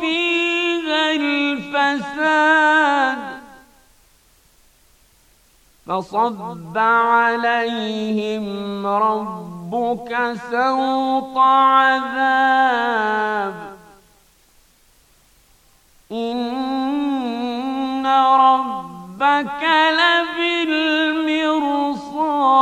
فيها الفساد فصب عليهم ربك سوط عذاب إن ربك لبالمرصاد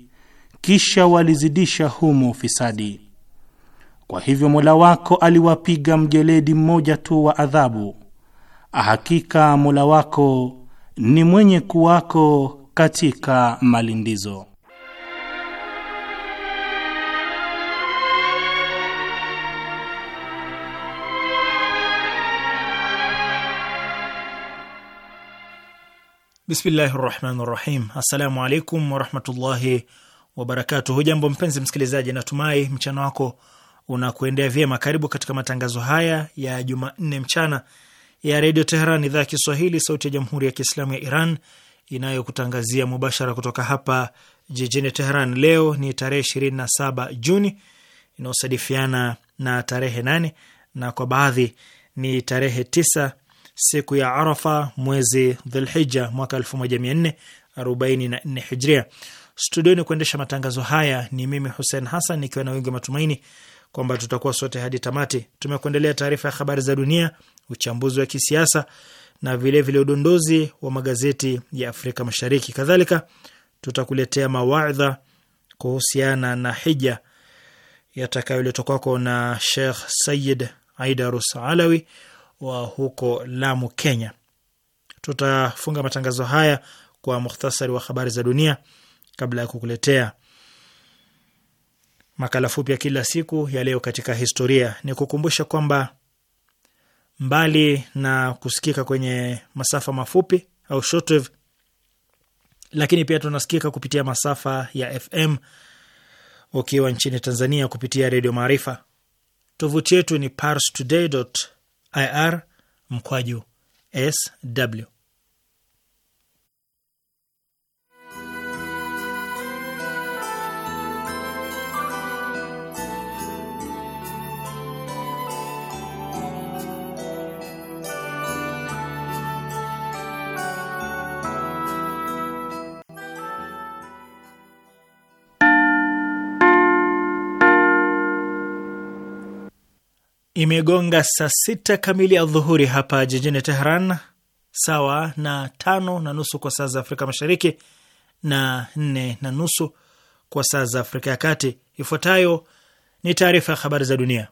kisha walizidisha humo ufisadi. Kwa hivyo Mola wako aliwapiga mjeledi mmoja tu wa adhabu. Hakika Mola wako ni mwenye kuwako katika malindizo. Bismillahi rahmani rahim. Assalamu alaikum warahmatullahi wabarakatu. Hujambo mpenzi msikilizaji, natumai mchana wako unakuendea vyema. Karibu katika matangazo haya ya Jumanne mchana ya Redio Teheran, idhaa ya Kiswahili, sauti ya Jamhuri ya Kiislamu ya Iran inayokutangazia mubashara kutoka hapa jijini Teheran. Leo ni tarehe 27 Juni inayosadifiana na tarehe 8 na kwa baadhi ni tarehe 9 siku ya Arafa, mwezi Dhulhija mwaka 1444 hijria. Studioni kuendesha matangazo haya ni mimi Hussein Hassan, nikiwa na wingi wa matumaini kwamba tutakuwa sote hadi tamati. Tumekuendelea taarifa ya habari za dunia, uchambuzi wa kisiasa na vilevile vile udondozi wa magazeti ya Afrika Mashariki. Kadhalika tutakuletea mawaidha kuhusiana na hija yatakayoletwa kwako na Shekh Sayid Aidarus Alawi wa huko Lamu, Kenya. Tutafunga matangazo haya kwa mukhtasari wa habari za dunia kabla ya kukuletea makala fupi ya kila siku ya leo katika historia, ni kukumbusha kwamba mbali na kusikika kwenye masafa mafupi au shortwave, lakini pia tunasikika kupitia masafa ya FM ukiwa nchini Tanzania kupitia Redio Maarifa. Tovuti yetu ni parstoday.ir mkwaju sw imegonga saa sita kamili ya dhuhuri hapa jijini Tehran, sawa na tano na nusu kwa saa za Afrika Mashariki na nne na nusu kwa saa za Afrika ya Kati. Ifuatayo ni taarifa ya habari za dunia,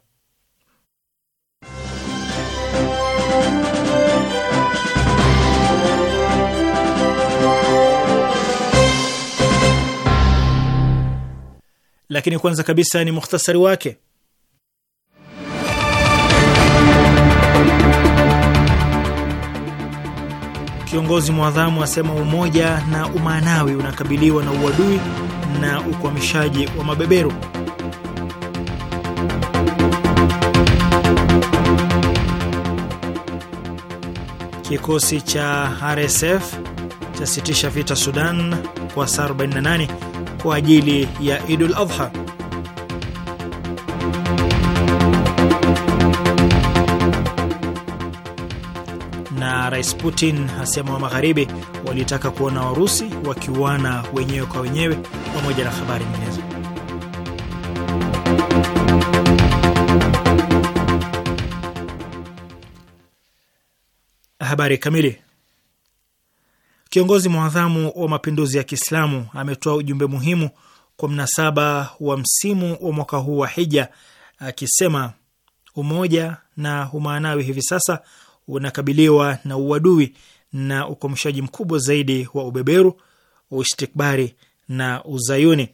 lakini kwanza kabisa ni muhtasari wake. Kiongozi mwadhamu asema umoja na umaanawi unakabiliwa na uadui na ukwamishaji wa mabeberu. Kikosi cha RSF chasitisha vita Sudan kwa saa 48 kwa ajili ya Idul Adha. Rais Putin asema wa magharibi walitaka kuona Warusi wakiuana wenyewe kwa wenyewe, pamoja na habari nyinginezo. Habari kamili. Kiongozi mwadhamu wa mapinduzi ya Kiislamu ametoa ujumbe muhimu kwa mnasaba wa msimu wa mwaka huu wa hija, akisema umoja na umaanawi hivi sasa unakabiliwa na uadui na ukomshaji mkubwa zaidi wa ubeberu, uistikbari na uzayuni.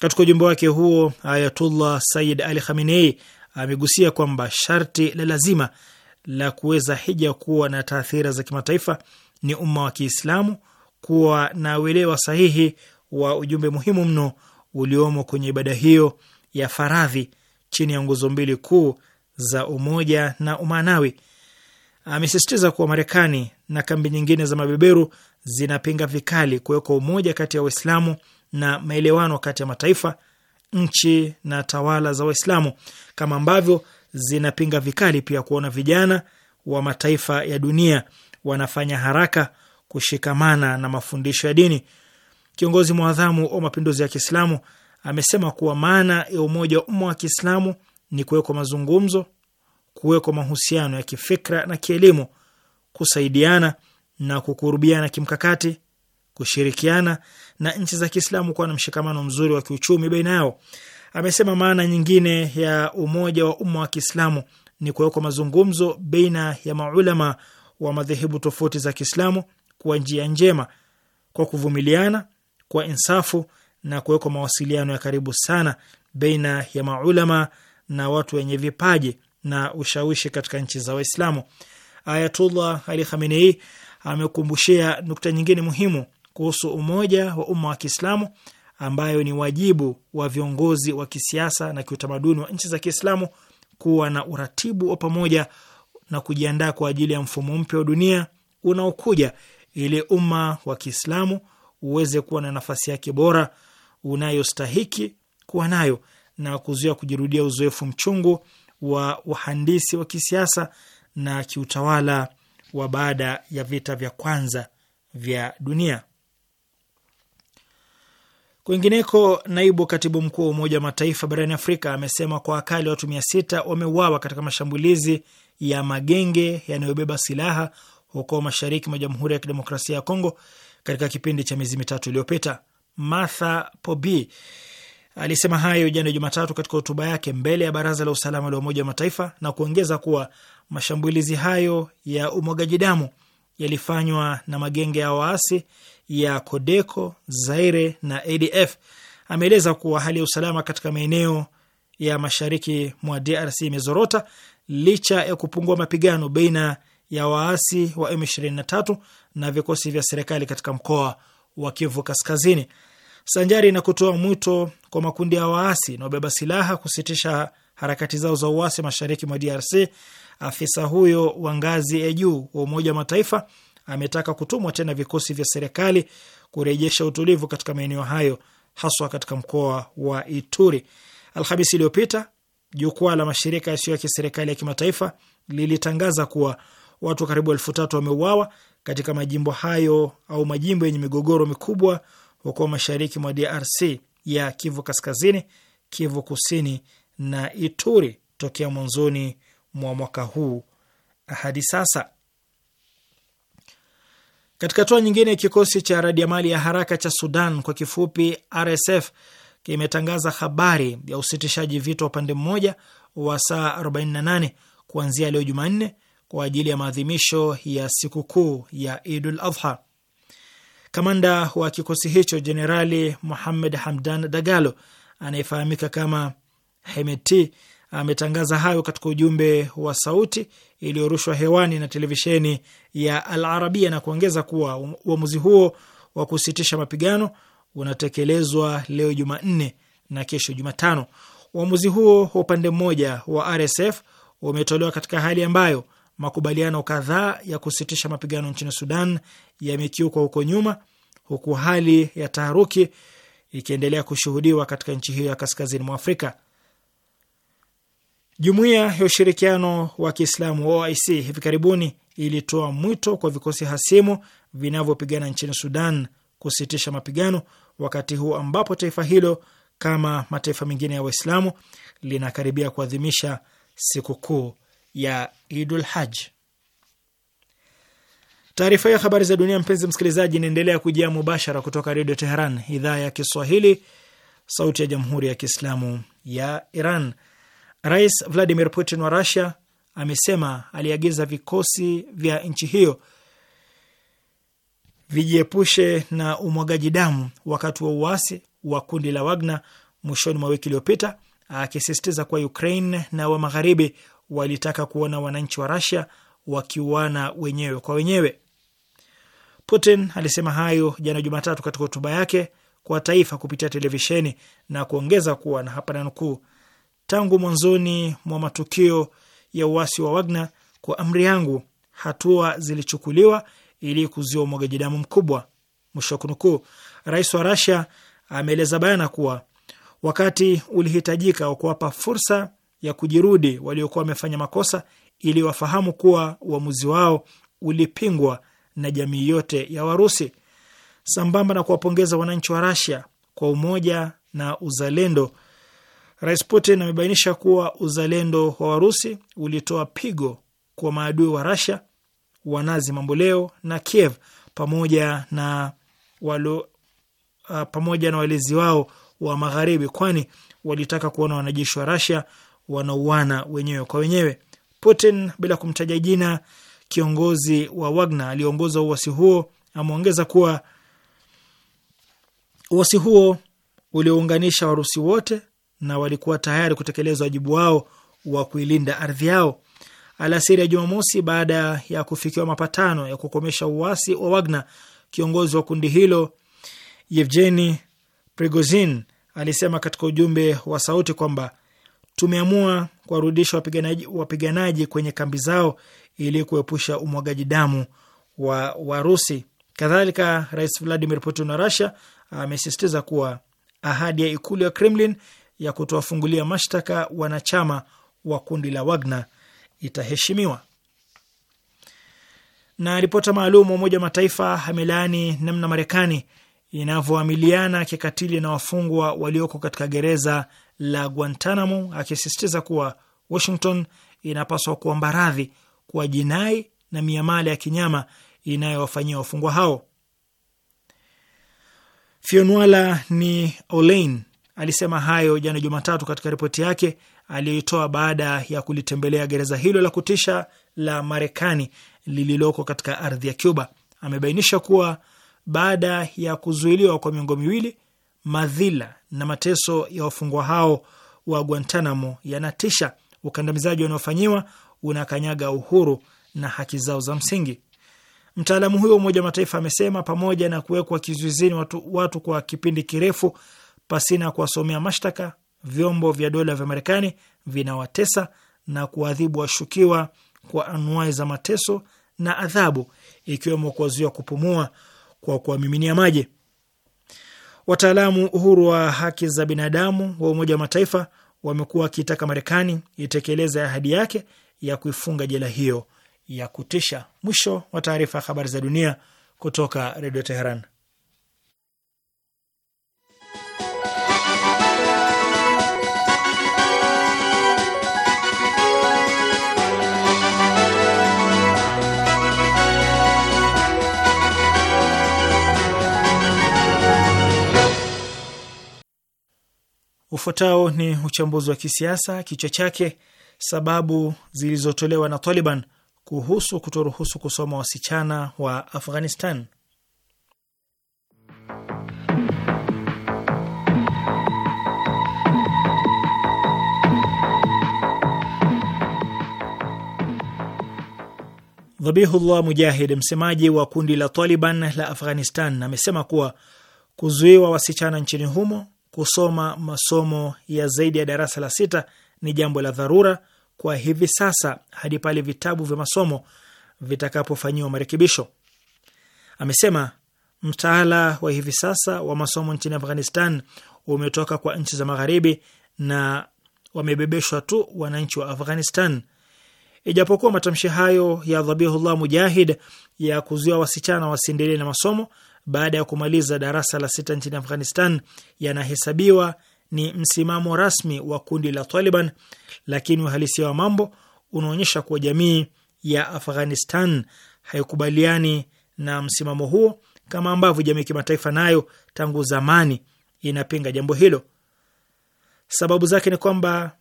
Katika ujumbe wake huo, Ayatullah Sayyid Ali Khamenei amegusia kwamba sharti la lazima la kuweza hija kuwa na taathira za kimataifa ni umma wa Kiislamu kuwa na uelewa sahihi wa ujumbe muhimu mno uliomo kwenye ibada hiyo ya faradhi chini ya nguzo mbili kuu za umoja na umaanawi amesisitiza kuwa Marekani na kambi nyingine za mabeberu zinapinga vikali kuwekwa umoja kati ya Waislamu na maelewano kati ya mataifa, nchi na tawala za Waislamu, kama ambavyo zinapinga vikali pia kuona vijana wa mataifa ya dunia wanafanya haraka kushikamana na mafundisho ya dini. Kiongozi mwadhamu wa mapinduzi ya Kiislamu amesema kuwa maana ya umoja wa umma wa Kiislamu ni kuwekwa mazungumzo, kuwekwa mahusiano ya kifikra na kielimu, kusaidiana na kukurubiana kimkakati, kushirikiana na nchi za Kiislamu kuwa na mshikamano mzuri wa kiuchumi baina yao. Amesema maana nyingine ya umoja wa umma wa Kiislamu ni kuwekwa mazungumzo baina ya maulama wa madhehebu tofauti za Kiislamu kwa njia njema, kwa kuvumiliana, kwa insafu na kuwekwa mawasiliano ya karibu sana baina ya maulama na watu wenye vipaji na ushawishi katika nchi za Waislamu. Ayatullah Ali Khamenei amekumbushia nukta nyingine muhimu kuhusu umoja wa umma wa Kiislamu ambayo ni wajibu wa viongozi wa kisiasa na kiutamaduni wa nchi za Kiislamu kuwa na uratibu wa pamoja na kujiandaa kwa ajili ya mfumo mpya wa dunia unaokuja ili umma wa Kiislamu uweze kuwa na nafasi yake bora unayostahiki kuwa nayo na kuzuia kujirudia uzoefu mchungu wa uhandisi wa kisiasa na kiutawala wa baada ya vita vya kwanza vya dunia. Kwingineko, naibu katibu mkuu wa Umoja wa Mataifa barani Afrika amesema kwa akali watu mia sita wameuawa katika mashambulizi ya magenge yanayobeba silaha huko mashariki mwa Jamhuri ya Kidemokrasia ya Kongo katika kipindi cha miezi mitatu iliyopita. Martha Pobi Alisema hayo jana Jumatatu katika hotuba yake mbele ya Baraza la Usalama la Umoja wa Mataifa na kuongeza kuwa mashambulizi hayo ya umwagaji damu yalifanywa na magenge ya waasi ya Kodeko, Zaire na ADF. Ameeleza kuwa hali ya usalama katika maeneo ya mashariki mwa DRC imezorota licha ya kupungua mapigano baina ya waasi wa M23 na vikosi vya serikali katika mkoa wa Kivu Kaskazini sanjari na kutoa mwito kwa makundi ya waasi na wabeba silaha kusitisha harakati zao za uasi mashariki mwa DRC. Afisa huyo wa ngazi ya juu wa Umoja wa Mataifa ametaka kutumwa tena vikosi vya serikali kurejesha utulivu katika maeneo hayo haswa katika mkoa wa Ituri. Alhamisi iliyopita jukwaa la mashirika yasiyo ya kiserikali ya kimataifa lilitangaza kuwa watu karibu elfu tatu wameuawa katika majimbo hayo au majimbo yenye migogoro mikubwa huko mashariki mwa DRC ya Kivu Kaskazini, Kivu Kusini na Ituri tokea mwanzoni mwa mwaka huu hadi sasa. Katika hatua nyingine, kikosi cha radiamali ya haraka cha Sudan kwa kifupi RSF kimetangaza habari ya usitishaji vita wa upande mmoja wa saa 48 kuanzia leo Jumanne kwa ajili ya maadhimisho ya sikukuu ya Idul Adha. Kamanda wa kikosi hicho Jenerali Muhamed Hamdan Dagalo anayefahamika kama Hemeti ametangaza hayo katika ujumbe wa sauti iliyorushwa hewani na televisheni ya Al Arabia na kuongeza kuwa uamuzi huo wa kusitisha mapigano unatekelezwa leo Jumanne na kesho Jumatano. Uamuzi huo wa upande mmoja wa RSF umetolewa katika hali ambayo makubaliano kadhaa ya kusitisha mapigano nchini Sudan yamekiukwa huko nyuma, huku hali ya taharuki ikiendelea kushuhudiwa katika nchi hiyo ya kaskazini mwa Afrika. Jumuiya ya Ushirikiano wa Kiislamu OIC hivi karibuni ilitoa mwito kwa vikosi hasimu vinavyopigana nchini Sudan kusitisha mapigano, wakati huu ambapo taifa hilo kama mataifa mengine ya Waislamu linakaribia kuadhimisha sikukuu ya Idul Haj. Taarifa ya habari za dunia, mpenzi msikilizaji, inaendelea kujia mubashara kutoka Redio Teheran, idhaa ya Kiswahili, sauti ya Jamhuri ya Kiislamu ya Iran. Rais Vladimir Putin wa rusia amesema aliagiza vikosi vya nchi hiyo vijiepushe na umwagaji damu wakati wa uasi wa kundi la Wagner mwishoni mwa wiki iliyopita, akisisitiza kuwa Ukraine na wa Magharibi walitaka kuona wananchi wa Rasia wakiuana wenyewe kwa wenyewe. Putin alisema hayo jana Jumatatu katika hotuba yake kwa taifa kupitia televisheni na kuongeza kuwa na hapa nanukuu, tangu mwanzoni mwa matukio ya uasi wa Wagner, kwa amri yangu hatua zilichukuliwa ili kuzuia umwagaji damu mkubwa, mwisho wa kunukuu. Rais wa Rasia ameeleza bayana kuwa wakati ulihitajika wa kuwapa fursa ya kujirudi waliokuwa wamefanya makosa ili wafahamu kuwa uamuzi wao ulipingwa na jamii yote ya Warusi, sambamba na kuwapongeza wananchi wa Rasia kwa umoja na uzalendo. Rais Putin amebainisha kuwa uzalendo wa Warusi ulitoa pigo kwa maadui wa Rasia, wanazi mamboleo na Kiev pamoja na walo, uh, pamoja na walezi wao wa Magharibi, kwani walitaka kuona wanajeshi wa Rasia wanauana wenyewe kwa wenyewe. Putin, bila kumtaja jina, kiongozi wa Wagner aliongoza uasi huo, ameongeza kuwa uasi huo uliounganisha Warusi wote na walikuwa tayari kutekeleza wajibu wao wa kuilinda ardhi yao. Alasiri ya Jumamosi, baada ya kufikiwa mapatano ya kukomesha uasi wa Wagner, kiongozi wa kundi hilo Yevgeni Prigozhin alisema katika ujumbe wa sauti kwamba tumeamua kuwarudisha wapiganaji, wapiganaji kwenye kambi zao ili kuepusha umwagaji damu wa Warusi. Kadhalika, Rais Vladimir Putin wa Russia amesisitiza kuwa ahadi ya ikulu ya Kremlin ya kutowafungulia mashtaka wanachama wa kundi la Wagner itaheshimiwa. Na ripota maalum wa Umoja wa Mataifa amelaani namna Marekani inavyoamiliana kikatili na wafungwa walioko katika gereza la Guantanamo, akisisitiza kuwa Washington inapaswa kuomba radhi kwa jinai na miamala ya kinyama inayowafanyia wafungwa hao. Fionwala ni Olein alisema hayo jana Jumatatu katika ripoti yake aliyoitoa baada ya kulitembelea gereza hilo la kutisha la Marekani lililoko katika ardhi ya Cuba. Amebainisha kuwa baada ya kuzuiliwa kwa miongo miwili madhila na mateso ya wafungwa hao wa Guantanamo yanatisha. Ukandamizaji wanaofanyiwa unakanyaga uhuru na haki zao za msingi. Mtaalamu huyo wa Umoja wa Mataifa amesema pamoja na kuwekwa kizuizini watu, watu kwa kipindi kirefu pasina kuwasomea mashtaka, vyombo vya dola vya Marekani vinawatesa na kuwaadhibu washukiwa kwa anuai za mateso na adhabu, ikiwemo kuwazuia kupumua kwa kuwamiminia maji. Wataalamu huru wa haki za binadamu wa Umoja wa Mataifa wamekuwa wakiitaka Marekani itekeleze ahadi yake ya kuifunga jela hiyo ya kutisha. Mwisho wa taarifa ya habari za dunia kutoka Redio Teheran. Ufuatao ni uchambuzi wa kisiasa, kichwa chake sababu zilizotolewa na Taliban kuhusu kutoruhusu kusoma wasichana wa Afghanistan. Dhabihullah Mujahid, msemaji wa kundi la Taliban la Afghanistan, amesema kuwa kuzuiwa wasichana nchini humo kusoma masomo ya zaidi ya darasa la sita ni jambo la dharura kwa hivi sasa hadi pale vitabu vya masomo vitakapofanyiwa marekebisho. Amesema mtaala wa hivi sasa wa masomo nchini Afghanistan umetoka kwa nchi za Magharibi na wamebebeshwa tu wananchi wa Afghanistan. Ijapokuwa matamshi hayo ya Dhabihullah Mujahid ya kuzuia wasichana wasiendelee na masomo baada ya kumaliza darasa la sita nchini Afghanistan yanahesabiwa ni msimamo rasmi wa kundi la Taliban, lakini uhalisia wa mambo unaonyesha kuwa jamii ya Afghanistan haikubaliani na msimamo huo, kama ambavyo jamii ya kimataifa nayo tangu zamani inapinga jambo hilo. Sababu zake ni kwamba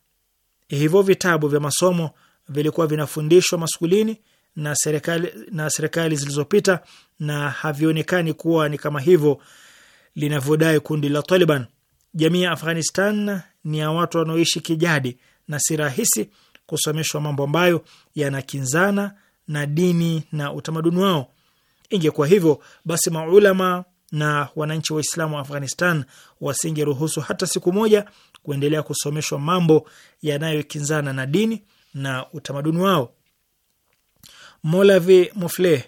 hivyo vitabu vya masomo vilikuwa vinafundishwa maskulini na serikali na serikali zilizopita na havionekani kuwa ni kama hivyo linavyodai kundi la Taliban. Jamii ya Afghanistan ni ya watu wanaoishi kijadi na si rahisi kusomeshwa mambo ambayo yanakinzana na dini na utamaduni wao. Ingekuwa hivyo basi, maulama na wananchi Waislamu wa Afghanistan wasingeruhusu hata siku moja kuendelea kusomeshwa mambo yanayokinzana na dini na utamaduni wao. Molavi Mofle,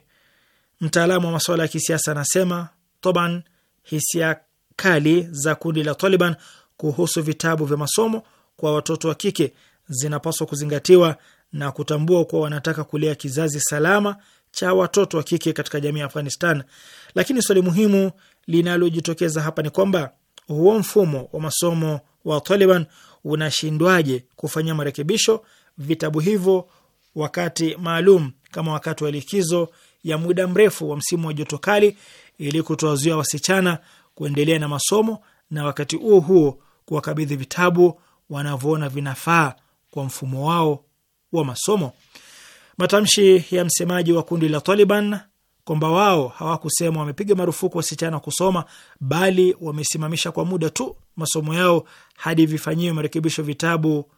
mtaalamu wa masuala ya kisiasa, anasema toban hisia kali za kundi la Taliban kuhusu vitabu vya masomo kwa watoto wa kike zinapaswa kuzingatiwa na kutambua kuwa wanataka kulea kizazi salama cha watoto wa kike katika jamii ya Afghanistan. Lakini swali muhimu linalojitokeza hapa ni kwamba huo mfumo wa masomo wa Taliban unashindwaje kufanyia marekebisho vitabu hivyo wakati maalum kama wakati wa likizo ya muda mrefu wa msimu wa joto kali ili kutowazuia wasichana kuendelea na masomo na wakati huo huo kuwakabidhi vitabu wanavyoona vinafaa kwa mfumo wao wa masomo. Matamshi ya msemaji wa kundi la Taliban kwamba wao hawakusema wamepiga marufuku wasichana kusoma, bali wamesimamisha kwa muda tu masomo yao hadi vifanyiwe marekebisho vitabu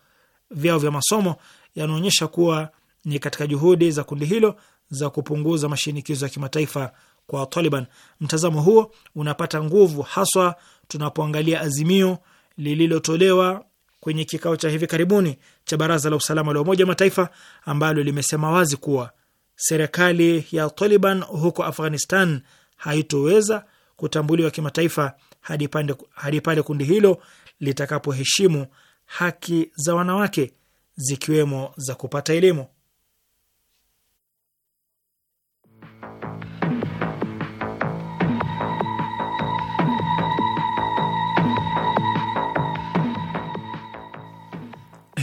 vyao vya masomo, yanaonyesha kuwa ni katika juhudi za kundi hilo za kupunguza mashinikizo ya kimataifa kwa Taliban. Mtazamo huo unapata nguvu haswa tunapoangalia azimio lililotolewa kwenye kikao cha hivi karibuni cha Baraza la Usalama la Umoja wa Mataifa ambalo limesema wazi kuwa serikali ya Taliban huko Afghanistan haitoweza kutambuliwa kimataifa hadi pale kundi hilo litakapoheshimu haki za wanawake zikiwemo za kupata elimu.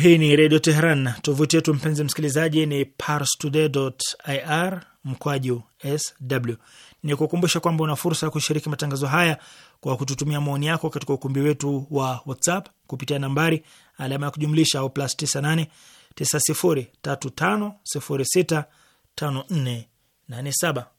Hii ni Redio Teheran. Tovuti yetu mpenzi msikilizaji ni parstoday.ir mkwaju sw. Ni kukumbusha kwamba una fursa ya kushiriki matangazo haya kwa kututumia maoni yako katika ukumbi wetu wa WhatsApp kupitia nambari alama ya kujumlisha au plus 98 9035065487.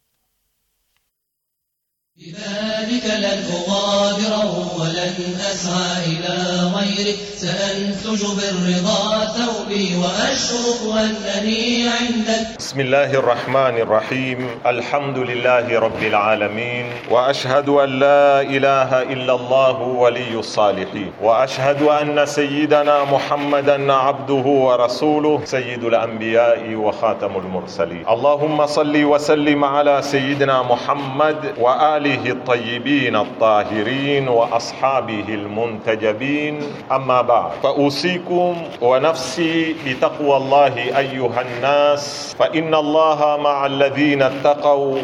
بذلك لن أغادره ولن أسعى إلى غيره سأنتج بالرضا ثوبي وأشرق أنني عندك بسم الله الرحمن الرحيم الحمد لله رب العالمين وأشهد أن لا إله إلا الله ولي الصالحين وأشهد أن سيدنا محمدا عبده ورسوله سيد الأنبياء وخاتم المرسلين اللهم صل وسلم على سيدنا محمد وآل آله الطيبين الطاهرين وأصحابه المنتجبين أما بعد فأوصيكم ونفسي بتقوى الله أيها الناس فإن الله مع الذين اتقوا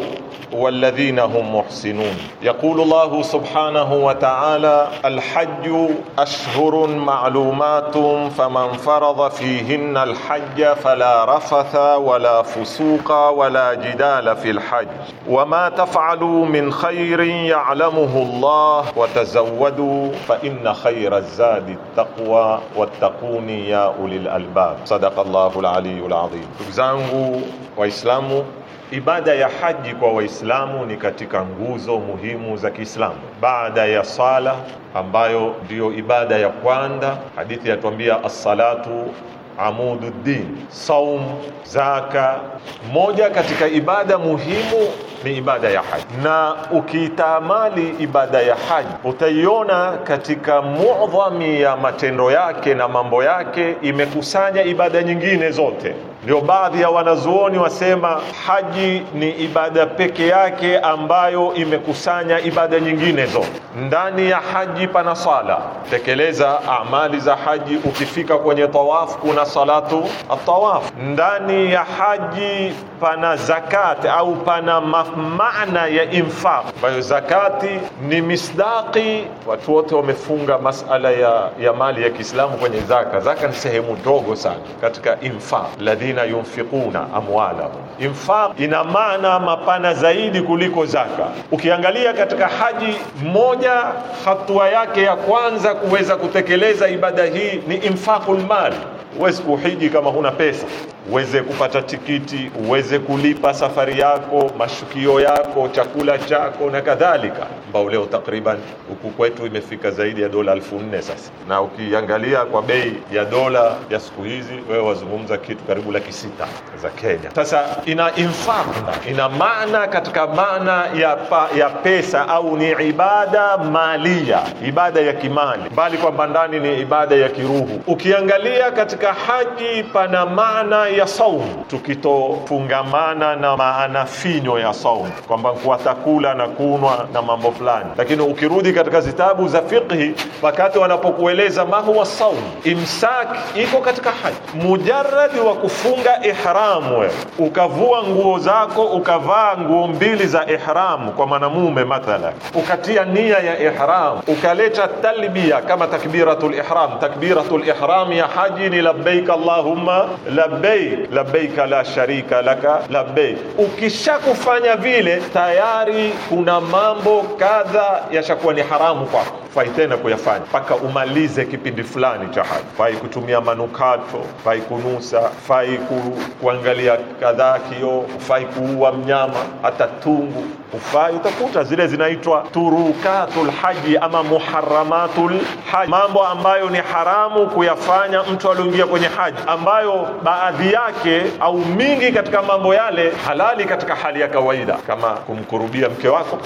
والذين هم محسنون يقول الله سبحانه وتعالى الحج أشهر معلومات فمن فرض فيهن الحج فلا رفث ولا فسوق ولا جدال في الحج وما تفعلوا من خير khairin ya'lamuhu Allah wa tazawwadu fa inna khayra zadi taqwa wattaquni ya ulil albab. Sadaqallahu al-aliyyul azim. Ndugu zangu Waislamu, Ibada ya haji kwa Waislamu ni katika nguzo muhimu za Kiislamu baada ya sala ambayo ndiyo ibada ya kwanza. Hadithi yatuambia as-salatu amududdin, saum, zaka. Moja katika ibada muhimu ni ibada ya haji, na ukiitaamali ibada ya haji utaiona katika muadhami ya matendo yake na mambo yake imekusanya ibada nyingine zote. Ndio baadhi ya wanazuoni wasema haji ni ibada peke yake ambayo imekusanya ibada nyingine zote. Ndani ya haji pana sala, tekeleza amali za haji. Ukifika kwenye tawaf kuna salatu atawaf. Ndani ya haji pana zakat au pana maf maana ya infaq, hiyo zakati ni misdaki. Watu wote wamefunga masala ya, ya mali ya Kiislamu kwenye zaka. Zaka ni sehemu ndogo sana katika infaq, ladhina yunfiquna amwalahum. Infaq ina maana mapana zaidi kuliko zaka. Ukiangalia katika haji moja, hatua yake ya kwanza kuweza kutekeleza ibada hii ni infaqul mal. Huwezi kuhiji kama huna pesa uweze kupata tikiti, uweze kulipa safari yako, mashukio yako, chakula chako na kadhalika, ambao leo takriban huku kwetu imefika zaidi ya dola elfu nne sasa, na ukiangalia kwa bei ya dola ya siku hizi, wewe wazungumza kitu karibu laki sita za Kenya. Sasa ina infaq, ina maana katika maana ya, pa, ya pesa au ni ibada malia, ibada ya kimali, bali kwamba ndani ni ibada ya kiruhu. Ukiangalia katika haji pana maana ya saum, tukitofungamana na maana finyo ya saum, kwamba kuwa na kunwa na mambo fulani. Lakini ukirudi katika zitabu za fiqhi, wakati wanapokueleza ma huwa saum, imsak iko katika haji, mujaradi wa kufunga ihramu, ukavua nguo zako, ukavaa nguo mbili za ihramu kwa mwanamume mathala, ukatia nia ya ihram, ukaleta talbia kama takbiratul ihram. Takbiratul ihram ya haji ni labbaik allahumma labbaik labbaik labbaika la sharika laka labbaik. Ukishakufanya vile tayari kuna mambo kadha yashakuwa ni haramu kwako, fai tena kuyafanya mpaka umalize kipindi fulani cha haji. Fai kutumia manukato, fai kunusa, fai ku, kuangalia kadhaa kio, fai kuua mnyama hata tungu ufai. Utakuta zile zinaitwa turukatul haji ama muharramatul haji, mambo ambayo ni haramu kuyafanya mtu alioingia kwenye haji, ambayo baadhi yake au mingi katika mambo yale halali katika hali ya kawaida, kama kumkurubia mke wako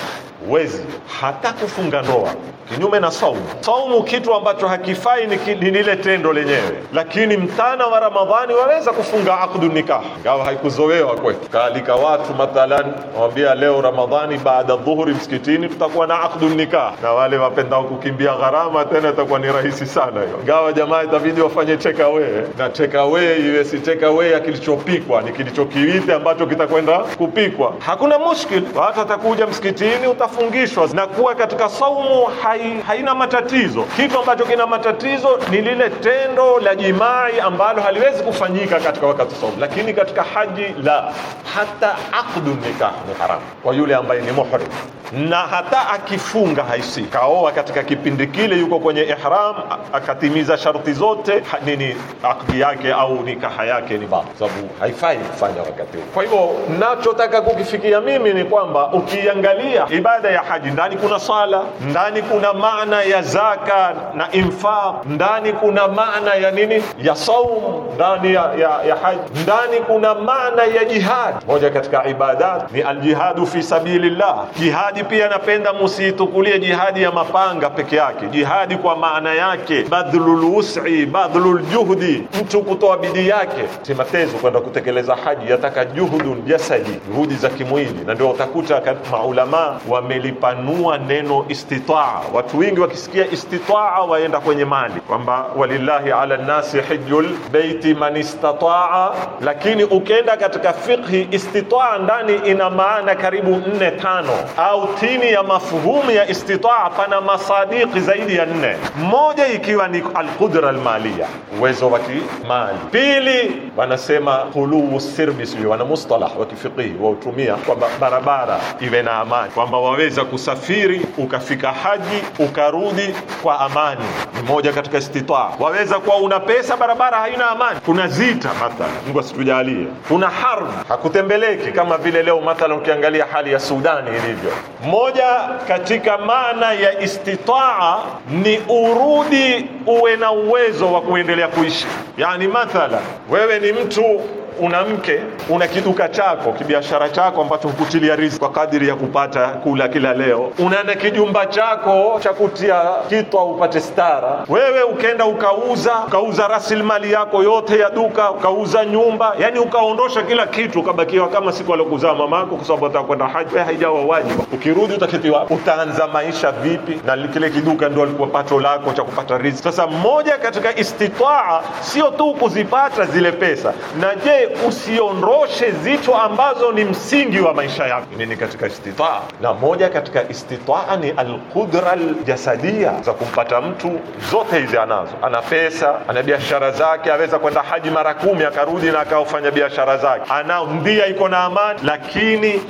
wezi, hata kufunga ndoa, kinyume na saumu. Saumu kitu ambacho hakifai ni lile tendo lenyewe, lakini mtana wa Ramadhani waweza kufunga akdu nikah, ingawa haikuzowewa kwetu. Kaalika watu mathalan, wambia leo Ramadhani baada dhuhuri msikitini tutakuwa na akdu nikah, na wale wapendao kukimbia gharama tena itakuwa ni rahisi sana hiyo, ingawa jamaa itabidi wafanye take away, na take away iwe si take away ya kilichopikwa, ni kilichokiwite ambacho kitakwenda kupikwa. Hakuna mushkil, watu watakuja msikitini uta akafungishwa na kuwa katika saumu hai, haina matatizo. Kitu ambacho kina matatizo ni lile tendo la jimai ambalo haliwezi kufanyika katika wakati saumu, lakini katika haji la hata akdu nikah ni haramu kwa yule ambaye ni muhrim, na hata akifunga haisi kaoa katika kipindi kile, yuko kwenye ihram akatimiza sharti zote, nini akdi yake au nikaha yake ni ba sababu haifai kufanya wakati huu. Kwa hivyo nachotaka kukifikia mimi ni kwamba ukiangalia ibada ibada ya haji, ndani kuna sala, ndani kuna maana ya zaka na infaq, ndani kuna maana ya nini ya saum, ndani ya, ya, ya haji, ndani kuna maana ya jihad. Moja katika ibadat ni aljihadu fi sabilillah. Jihadi pia napenda musiitukulie jihadi ya mapanga peke yake, jihadi kwa maana yake badhlul usi, badhlul juhdi, mtu kutoa bidii yake. Si matezo kwenda kutekeleza haji, yataka juhudun jasadi, juhudi za kimwili, na ndio utakuta maulama wa wamelipanua neno istitaa. Watu wengi wakisikia istitaa waenda kwenye mali, kwamba walillahi ala nasi hijjul baiti man istataa. Lakini ukienda katika fiqhi, istitaa ndani ina maana karibu nne tano au tini ya mafuhumu ya istitaa, pana masadiki zaidi ya nne, moja ikiwa ni alqudra almalia, uwezo wa kimali. Pili wanasema khuluu sirbi, sio wana mustalah wa kifiqhi wautumia kwamba barabara iwe na amani kwamba waweza kusafiri ukafika haji ukarudi kwa amani, ni moja katika istitaa. Waweza kuwa una pesa, barabara haina amani, kuna zita mathalan, Mungu asitujalie, kuna harb, hakutembeleki kama vile leo mathalan, ukiangalia hali ya Sudani ilivyo. Moja katika maana ya istitaa ni urudi, uwe na uwezo wa kuendelea kuishi. Yani mathalan, wewe ni mtu una mke, una kiduka chako kibiashara chako ambacho hukutilia riziki kwa kadiri ya kupata kula kila leo, una na kijumba chako cha kutia kitwa upate stara, wewe ukenda ukauza, ukauza rasilimali yako yote ya duka, ukauza nyumba, yani ukaondosha kila kitu, ukabakiwa kama siku alokuzaa mamako, kwa sababu atakwenda haji, wewe haijawa wajibu. Ukirudi utakitiwa, utaanza maisha vipi? Na kile kiduka ndio alikuwa pato lako cha kupata riziki. Sasa moja katika istitaa sio tu kuzipata zile pesa, na je usiondoshe zito ambazo ni msingi wa maisha yako. Nini katika istitaa, na moja katika istitaa ni alqudra aljasadia, za kumpata mtu zote hizi anazo, ana pesa, ana biashara zake, aweza kwenda haji mara kumi akarudi na akaofanya biashara zake, ana ndia iko na amani, lakini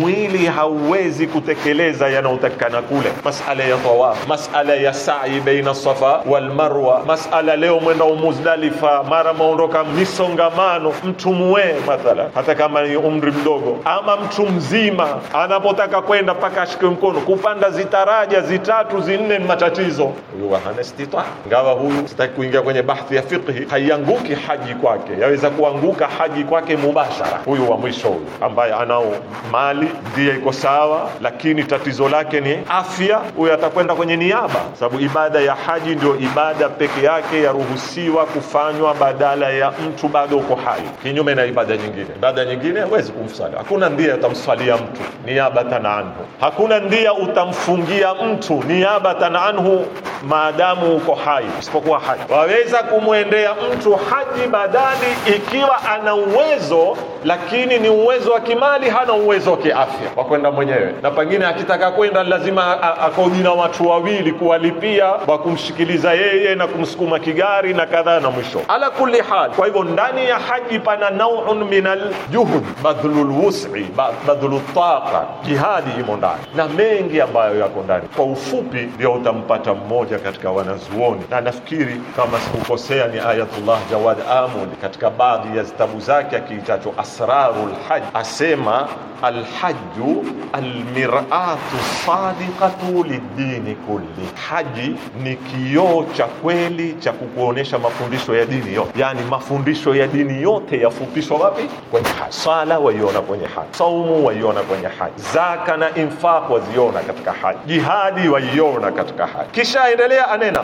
mwili hauwezi kutekeleza yanayotakikana kule. Masala ya tawaf, masala ya sa'i baina safa wal marwa, masala leo mwenda umuzdalifa, mara maondoka, misongamano mtu mtumwee mathala, hata kama ni umri mdogo, ama mtu mzima anapotaka kwenda mpaka ashike mkono kupanda zitaraja zitatu zinne, ni matatizo. Huyu hana istitaa, ngawa huyu sitaki kuingia kwenye bahthi ya fiqhi, haianguki haji kwake, yaweza kuanguka haji kwake mubashara. Huyu wa mwisho huyu ambaye anao mali ndiye iko sawa, lakini tatizo lake ni afya, huyu atakwenda kwenye niaba, sababu ibada ya haji ndio ibada peke yake yaruhusiwa kufanywa badala ya mtu bado uko hai kinyume na ibada nyingine. Ibada nyingine huwezi kumsali, hakuna ndia utamswalia mtu niabatan anhu, hakuna ndia utamfungia mtu niabatan anhu maadamu uko hai, usipokuwa hai. Waweza kumwendea mtu haji badali ikiwa ana uwezo, lakini ni uwezo wa kimali, hana uwezo wa kiafya wa kwenda mwenyewe, na pengine akitaka kwenda lazima akodi na watu wawili kuwalipia, wa kumshikiliza yeye na kumsukuma kigari na kadhaa na mwisho. Ala kulli hal, kwa hivyo ndani ya haji pana hadha nauun min aljuhud, badhlu lwusi badhlu taqa, jihadi imo ndani na mengi ambayo yako ndani. Kwa ufupi, ndio utampata mmoja katika wanazuoni, na nafikiri kama sikukosea ni Ayatullah Jawad Amuli katika baadhi ya zitabu zake akiitacho asraru lhaj asema alhaju almiratu sadiqatu lidini kulli, haji ni kioo cha kweli cha kukuonyesha mafundisho ya dini yote, yani mafundisho ya dini yote ya yafupishwa wapi? Kwenye haji. Sala waiona kwenye haji, saumu waiona kwenye haji, zaka na infaq waziona katika haji, jihadi waiona katika haji. Kisha endelea anena,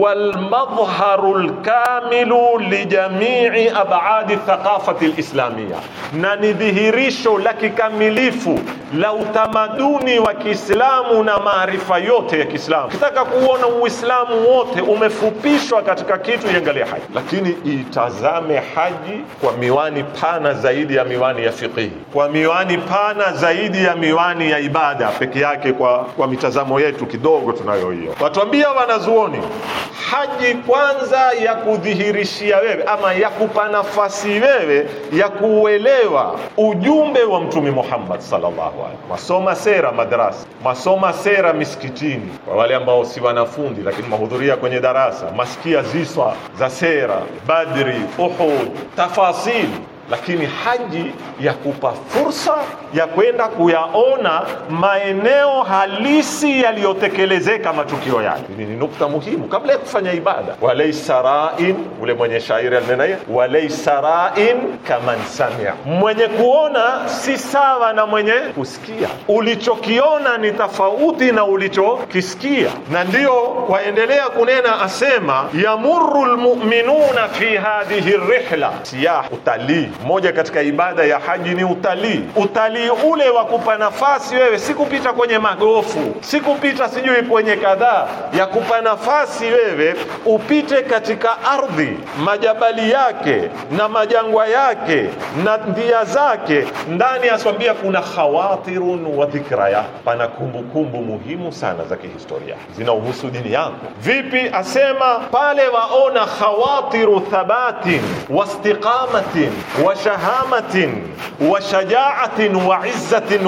walmadhharu lkamilu lijamii abadi thaqafati lislamia, na ni dhihirisho la kikamilifu la utamaduni wa Kiislamu na maarifa yote ya Kiislamu. Ukitaka kuona Uislamu wote umefupishwa katika kitu, iangalia haji, lakini itazame haji kwa miwani pana zaidi ya miwani ya fiqhi, kwa miwani pana zaidi ya miwani ya ibada peke yake, kwa, kwa mitazamo yetu kidogo tunayo hiyo. Watuambia wanazuoni, haji kwanza ya kudhihirishia wewe ama ya kupa nafasi wewe ya kuuelewa ujumbe wa Mtume Muhammad sallallahu alaihi masoma sera madrasa, masoma sera misikitini, kwa wale ambao si wanafundi lakini mahudhuria kwenye darasa, masikia ziswa za sera Badri, Uhud, tafasiri in. lakini haji ya kupa fursa ya kwenda kuyaona maeneo halisi yaliyotekelezeka matukio yake. Ni nukta muhimu kabla ya kufanya ibada. Walaisa rain, ule mwenye shairi alinena hiyo, walaisa rain kaman samia, mwenye kuona si sawa na mwenye kusikia. Ulichokiona ni tofauti na ulichokisikia, na ndiyo waendelea kunena, asema yamuru lmuminuna fi hadhihi rihla, siyah utalii moja katika ibada ya haji ni utalii. Utalii ule wa kupa nafasi wewe, si kupita kwenye magofu, si kupita sijui kwenye kadhaa, ya kupa nafasi wewe upite katika ardhi, majabali yake na majangwa yake na ndia zake. Ndani aswambia kuna khawatirun wa dhikraya, pana kumbukumbu kumbu muhimu sana za kihistoria zinaohusu dini yako. Vipi? Asema pale waona khawatiru thabatin wastiqamatin wa wa washajaatin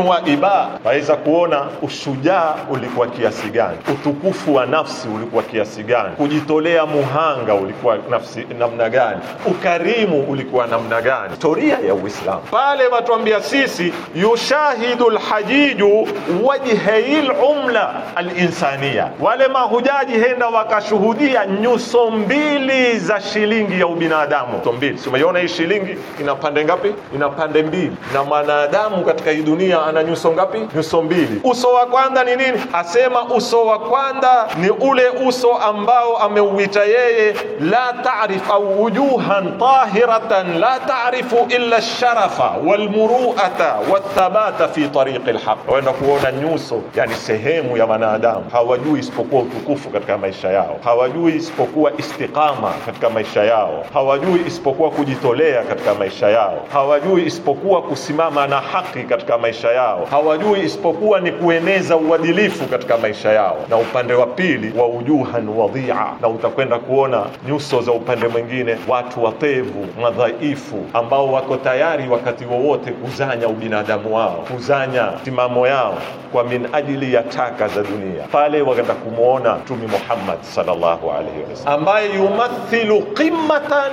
wa iba waweza kuona ushujaa ulikuwa kiasi gani, utukufu wa nafsi ulikuwa kiasi gani, kujitolea muhanga ulikuwa nafsi namna gani, ukarimu ulikuwa namna gani, historia ya Uislamu pale watuambia sisi, yushahidu lhajiju wajhei lumla alinsania, wale mahujaji henda wakashuhudia nyuso mbili za shilingi ya ubinadamu. Nyuso mbili, si umeiona hii shilingi ina ina pande ngapi? Ina pande mbili, na mwanadamu katika hii dunia ana nyuso ngapi? Nyuso mbili. Uso wa kwanza ni nini? Asema uso wa kwanza ni ule uso ambao ameuita yeye la ta'rif au wujuhan tahiratan la tarifu illa sharafa walmuruata wathabata fi al lhaq. Waenda kuona nyuso, yani sehemu ya wanadamu hawajui isipokuwa utukufu katika maisha yao, hawajui isipokuwa istiqama katika maisha yao, hawajui isipokuwa kujitolea katika maisha maisha yao, hawajui isipokuwa kusimama na haki katika maisha yao, hawajui isipokuwa ni kueneza uadilifu katika maisha yao. Na upande wa pili wa ujuhan wadhia, na utakwenda kuona nyuso za upande mwingine, watu watevu madhaifu, ambao wako tayari wakati wowote kuzanya ubinadamu wao, kuzanya timamo yao kwa min ajili ya taka za dunia. Pale wakenda kumwona Mtumi Muhammad sallallahu alaihi wasallam ambaye yumathilu qimatan,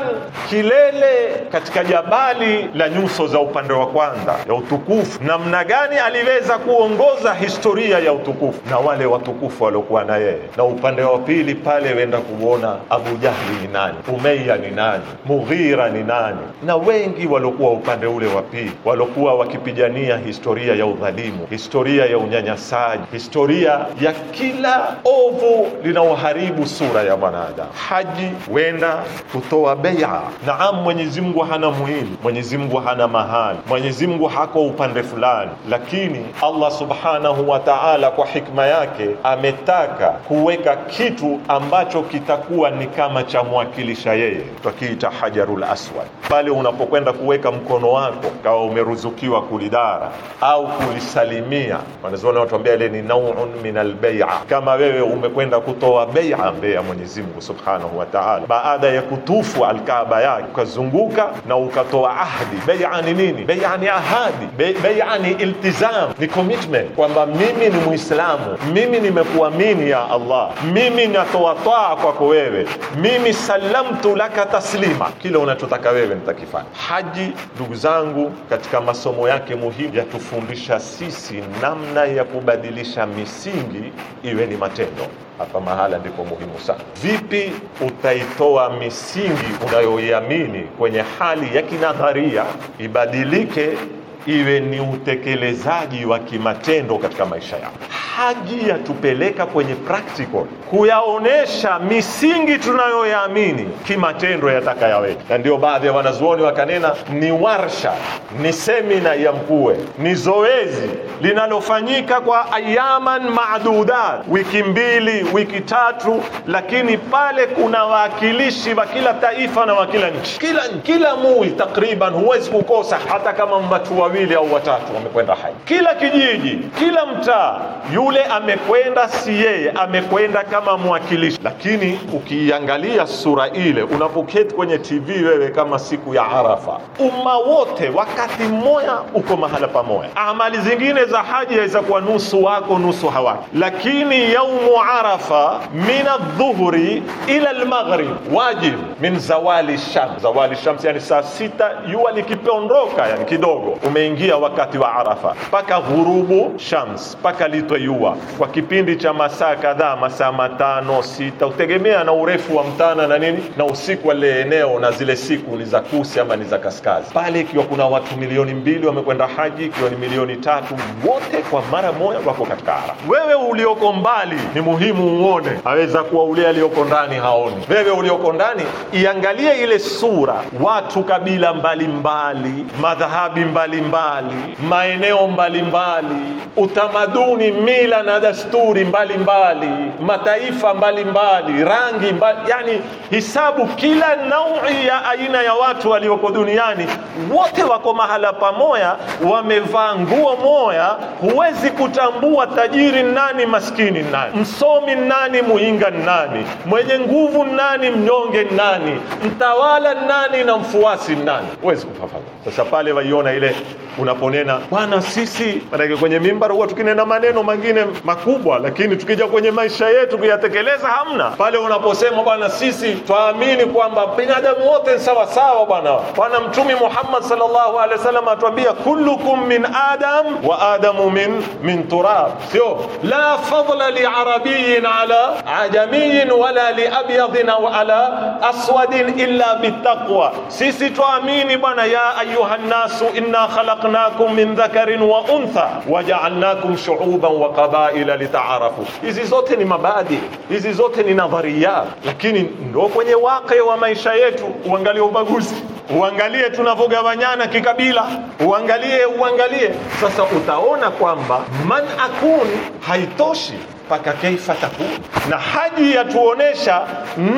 kilele katika bali la nyuso za upande wa kwanza ya utukufu, namna gani aliweza kuongoza historia ya utukufu na wale watukufu waliokuwa na yeye, na upande wa pili pale wenda kuona Abu Jahli ni nani, Umayya ni nani, Mughira ni nani, na wengi waliokuwa upande ule wa pili, waliokuwa wakipigania historia ya udhalimu, historia ya unyanyasaji, historia ya kila ovu linaoharibu sura ya mwanadamu. Haji wenda kutoa beia. Naam, Mwenyezi Mungu hana muhimu kamili. Mwenyezi Mungu hana mahali, Mwenyezi Mungu hako upande fulani, lakini Allah subhanahu wa ta'ala kwa hikma yake ametaka kuweka kitu ambacho kitakuwa ni kama cha mwakilisha yeye, twakiita hajarul aswad. Pale unapokwenda kuweka mkono wako, kawa umeruzukiwa kulidara au kulisalimia, wanazuoni watuambia ile ni nauun min albai'a, kama wewe umekwenda kutoa bai'a mbele ya Mwenyezi Mungu subhanahu wa ta'ala, baada ya kutufu alkaaba yake ukazunguka na uka tunatoa ahadi. Beia ni nini? Beia ni ahadi, beia ni iltizam, ni commitment, kwamba mimi ni Muislamu, mimi nimekuamini ya Allah, mimi natoa taa kwako wewe, mimi salamtu laka taslima, kile unachotaka wewe nitakifanya. Haji, ndugu zangu, katika masomo yake muhimu yatufundisha sisi namna ya kubadilisha misingi iwe ni matendo. Hapa mahala ndipo muhimu sana. Vipi utaitoa misingi unayoiamini kwenye hali ya nadharia ibadilike iwe ni utekelezaji wa kimatendo katika maisha yao. haji yatupeleka kwenye practical, kuyaonesha misingi tunayoyaamini kimatendo yataka yawe. na ndio baadhi ya wanazuoni wakanena ni warsha, ni semina ya Mkuwe, ni zoezi linalofanyika kwa ayaman maadudat, wiki mbili, wiki tatu, lakini pale kuna wawakilishi wa kila taifa na wa kila nchi, kila, kila mui takriban, huwezi kukosa hata kama mbatu wawili wawili au watatu wamekwenda haji. Kila kijiji, kila mtaa, yule amekwenda si yeye, amekwenda kama mwakilishi. Lakini ukiangalia sura ile, unapoketi kwenye TV wewe, kama siku ya Arafa, umma wote wakati mmoja uko mahala pamoja. Amali zingine za haji yaweza kuwa nusu wako nusu hawako, lakini yaumu Arafa min adhuhuri ila almaghrib wajib min zawali shams, zawali shams, yani saa sita jua likipondoka, yani kidogo ume ameingia wakati wa Arafa mpaka ghurubu shams, mpaka litwe yua, kwa kipindi cha masaa kadhaa, masaa matano sita, utegemea na urefu wa mtana na nini na usiku wa lile eneo, na zile siku ni za kusi ama ni za kaskazi. Pale ikiwa kuna watu milioni mbili wamekwenda haji, ikiwa ni milioni tatu, wote kwa mara moja wako katika Arafa. Wewe ulioko mbali ni muhimu uone, aweza kuwa ule aliyoko ndani haoni. Wewe ulioko ndani iangalie ile sura, watu kabila mbalimbali, madhahabi mbali mbalimbali, maeneo mbalimbali, utamaduni, mila na desturi mbalimbali, mataifa mbalimbali, rangi mbali, yani hisabu kila naui ya aina ya watu walioko duniani, wote wako mahala pamoja, wamevaa nguo moya, huwezi kutambua tajiri nani, maskini nani, msomi nani, muinga nani, mwenye nguvu nani, mnyonge nani, mtawala nani na mfuasi nani, huwezi kufafanua. Sasa pale waiona ile unaponena bwana sisi manake kwenye mimbar huwa tukinena maneno mengine makubwa lakini tukija kwenye maisha yetu kuyatekeleza hamna pale unaposema bwana sisi twaamini kwamba binadamu wote ni sawa sawa bwana bwana mtumi muhammad sallallahu alaihi wasallam atuambia kullukum min adam wa adamu min min turab sio la fadla li arabiyin ala ajamiyin wala li abyadin ala aswadin illa bitaqwa sisi twaamini bwana ya ayuha nasu inna khalaqnakum min dhakarin wa untha waja'alnakum shu'uban wa qabaila litaarafu. Hizi zote ni mabadi, hizi zote ni nadharia, lakini ndo kwenye wake wa maisha yetu. Uangalie ubaguzi, uangalie tunavyogawanyana kikabila, uangalie uangalie. Sasa utaona kwamba man akun haitoshi mpaka kaifa takun na haji yatuonesha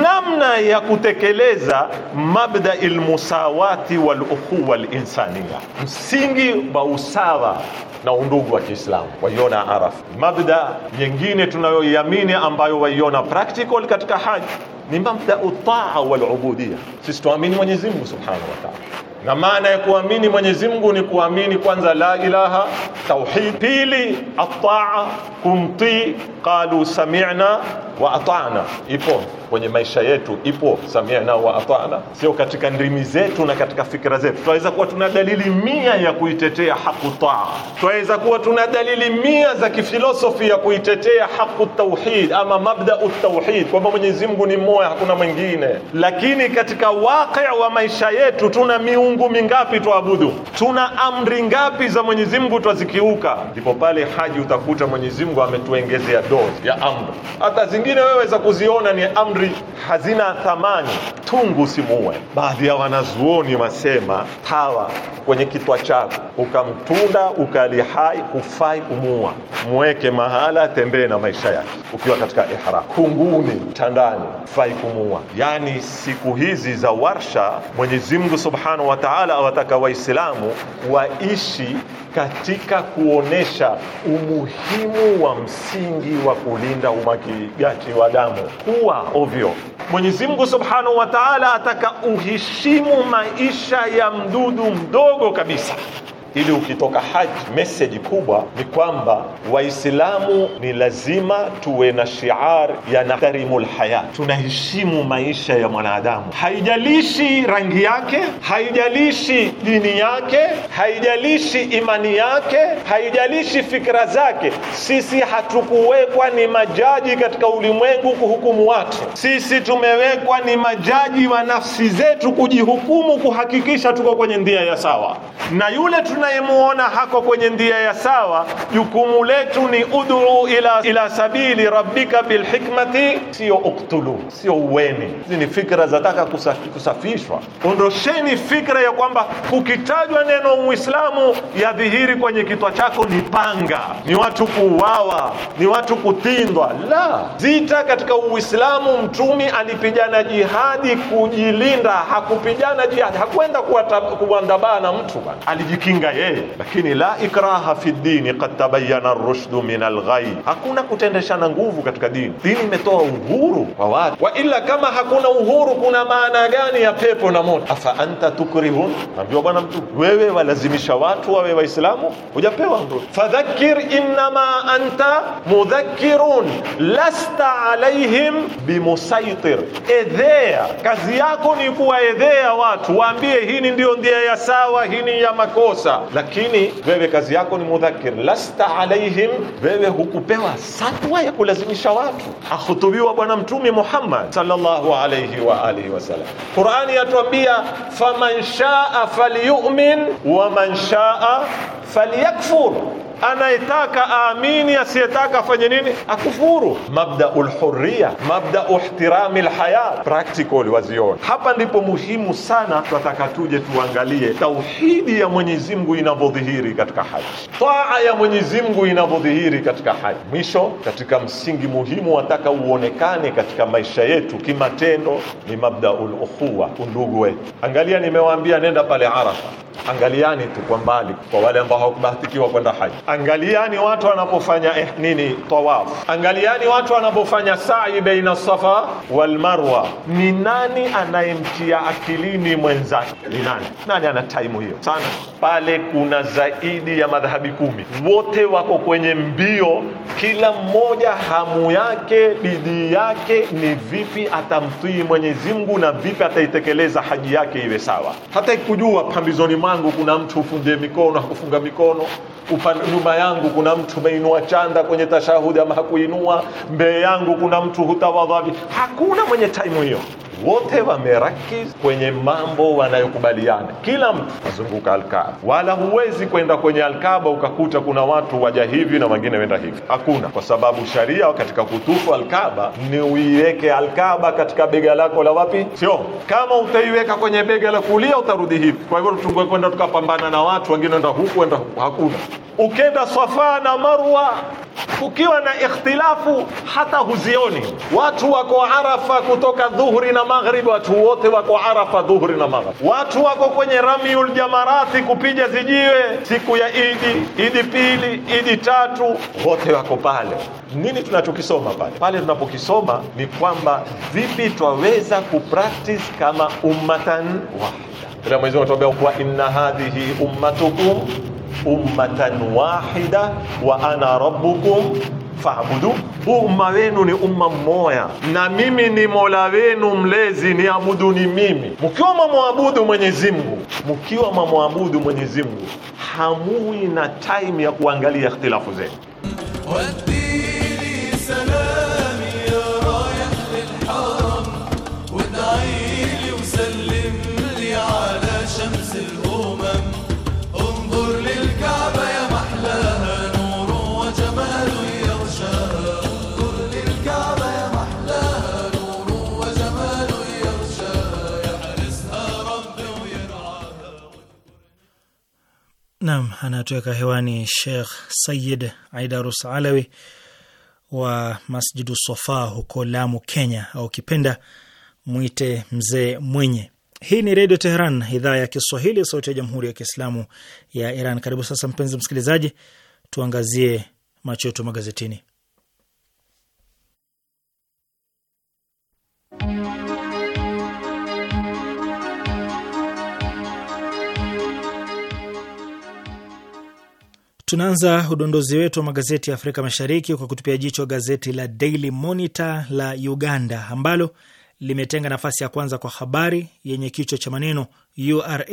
namna ya kutekeleza mabda lmusawati walukhuwa linsania, msingi wa usawa na undugu wa Kiislamu waiona Arafa. Mabda nyingine tunayoiamini ambayo waiona practical katika haji ni mabda utaa walubudia. Sisi tuamini Mwenyezi Mungu subhanahu wa taala na maana ya kuamini Mwenyezi Mungu ni kuamini kwanza la ilaha tauhid, pili ataa kumtii, qalu sami'na wa ata'na. Ipo kwenye maisha yetu, ipo sami'na wa ata'na, sio katika ndimi zetu na katika fikra zetu. Tunaweza kuwa tuna dalili mia ya kuitetea haku taa, tunaweza kuwa tuna dalili mia za kifilosofi ya kuitetea haku tauhid ama mabdau tauhid, kwamba Mwenyezi Mungu ni mmoja, hakuna mwingine, lakini katika wakati wa maisha yetu tuna miu miungu mingapi tuabudu? Tuna amri ngapi za Mwenyezi Mungu twazikiuka? Ndipo pale haji utakuta Mwenyezi Mungu ametuengezea dozi ya amri. Hata zingine wewe za kuziona ni amri hazina thamani, tungu simuue. Baadhi ya wanazuoni wasema tawa kwenye kitwa chako ukamtunda ukali hai, hufai kumuua, mweke mahala, tembee na maisha yake ukiwa katika ihram. Kunguni tandani, hufai kumuua. Yani siku hizi za warsha Mwenyezi Mungu subhanahu wa Ta'ala awataka Waislamu waishi katika kuonesha umuhimu wa msingi wa kulinda umwagikaji wa damu kuwa ovyo. Mwenyezi Mungu Subhanahu wa Ta'ala ataka uheshimu maisha ya mdudu mdogo kabisa ili ukitoka haji, meseji kubwa ni kwamba Waislamu ni lazima tuwe na shiar ya nahtarimu lhaya, tunaheshimu maisha ya mwanadamu, haijalishi rangi yake, haijalishi dini yake, haijalishi imani yake, haijalishi fikra zake. Sisi hatukuwekwa ni majaji katika ulimwengu kuhukumu watu, sisi tumewekwa ni majaji wa nafsi zetu kujihukumu, kuhakikisha tuko kwenye ndia ya sawa na yule tuna tunayemuona hako kwenye ndia ya sawa, jukumu letu ni ud'u ila, ila sabili rabbika bilhikmati, sio uktulu, sio uweni. Hizi ni fikra zataka kusafishwa. Ondosheni fikra ya kwamba kukitajwa neno Muislamu dhihiri kwenye kitwa chako ni panga, ni watu kuuawa, ni watu kutindwa. La, zita katika Uislamu, Mtumi alipigana jihadi kujilinda, hakupigana jihadi, hakwenda kuandabana na mtu, alijikinga anapinga yeye, eh, lakini la ikraha fi dini, qad tabayyana rushdu min alghai, hakuna kutendeshana nguvu katika dini. Dini imetoa uhuru kwa watu wa ila, kama hakuna uhuru, kuna maana gani ya pepo na moto? Afa anta tukrihun, ambiwa bwana mtu, wewe walazimisha watu wawe Waislamu, hujapewa amri. Fadhakkir innama anta mudhakkirun lasta alaihim bimusaitir, edhea, kazi yako ni kuwaedhea watu, waambie hii ndio ndia ya sawa, hii ni ya makosa lakini wewe kazi yako ni mudhakir, lasta alaihim, wewe hukupewa satwa ya kulazimisha watu. Ahutubiwa Bwana Mtume Muhammad sallallahu alayhi wa alihi wasallam, Qurani yatuambia faman shaa falyumin wa man shaa falyakfur anayetaka aamini, asiyetaka afanye nini? Akufuru. mabda hurriya, mabdau uhtirami lhaya practical waziona hapa. Ndipo muhimu sana, tunataka tuje tuangalie tauhidi ya Mwenyezi Mungu inavyodhihiri katika haji, taa ya Mwenyezi Mungu inavyodhihiri katika haji. Mwisho katika msingi muhimu wataka uonekane katika maisha yetu kimatendo ni mabda ulukhuwa, undugu wetu. Angalia, nimewaambia nenda pale Arafa, angaliani tu kwa mbali, kwa wale ambao hawakubahatikiwa kwenda haji Angaliani watu wanapofanya eh, nini tawafu, angaliani watu wanapofanya sa'i baina safa wal marwa. Ni nani anayemtia akilini mwenzake? Ni nani? Nani ana taimu hiyo sana? Pale kuna zaidi ya madhahabi kumi, wote wako kwenye mbio, kila mmoja hamu yake, bidii yake ni vipi atamtii Mwenyezi Mungu na vipi ataitekeleza haji yake iwe sawa. Hata ikujua pambizoni mwangu kuna mtu ufunge mikono hakufunga mikono nyuma yangu kuna mtu meinua chanda kwenye tashahudi ama hakuinua mbele yangu kuna mtu hutawadhavi hakuna mwenye taimu hiyo wote wamerakis kwenye mambo wanayokubaliana, kila mtu azunguka alkaba Wala huwezi kwenda kwenye alkaba ukakuta kuna watu waja hivi na wengine wenda hivi, hakuna, kwa sababu sharia katika kutufu alkaba ni uiweke alkaba katika bega lako la wapi, sio kama utaiweka kwenye bega la kulia utarudi hivi. Kwa hivyo tunge kwenda tukapambana na watu wengine, enda huku enda huku, hakuna. Ukenda Safa na Marwa kukiwa na ikhtilafu hata huzioni. Watu wako Arafa kutoka dhuhuri na maghribi, watu wote wako Arafa dhuhuri na maghribi, watu wako kwenye ramiul jamarati kupiga zijiwe siku ya Idi, Idi pili, Idi tatu, wote wako pale. Nini tunachokisoma pale pale? Tunapokisoma ni kwamba vipi twaweza kupractice kama ummatan wahida. Mwenyezi Mungu anatuambia kuwa inna hadhihi ummatukum ummatan wahida wa ana rabbukum fahabudu umma wenu ni umma mmoya na mimi ni mola wenu mlezi ni ni mimi mkiwa mamwabudu mwenyezi mungu mkiwa mamwabudu mwenyezi mungu hamui na time ya kuangalia ikhtilafu zenu Nam anatoweka hewani Shekh Sayid Aidarus Alawi wa Masjidu Sofa huko Lamu, Kenya, au kipenda mwite mzee mwenye. Hii ni Redio Teheran, idhaa ya Kiswahili, sauti ya Jamhuri ya Kiislamu ya Iran. Karibu sasa, mpenzi msikilizaji, tuangazie macho yetu magazetini. Tunaanza udondozi wetu wa magazeti ya Afrika Mashariki kwa kutupia jicho gazeti la Daily Monitor la Uganda ambalo limetenga nafasi ya kwanza kwa habari yenye kichwa cha maneno URA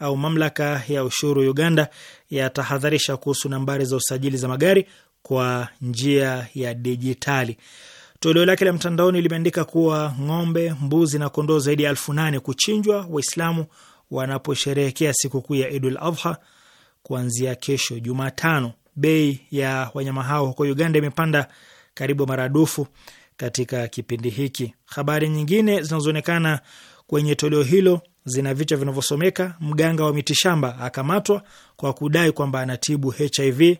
au mamlaka ya ushuru Uganda yatahadharisha kuhusu nambari za usajili za magari kwa njia ya dijitali. Toleo lake la mtandaoni limeandika kuwa ng'ombe, mbuzi na kondoo zaidi ya elfu nane kuchinjwa Waislamu wanaposherehekea sikukuu ya Idul Adha kuanzia kesho Jumatano. Bei ya wanyama hao huko Uganda imepanda karibu maradufu katika kipindi hiki. Habari nyingine zinazoonekana kwenye toleo hilo zina vichwa vinavyosomeka mganga wa mitishamba akamatwa kwa kudai kwamba anatibu HIV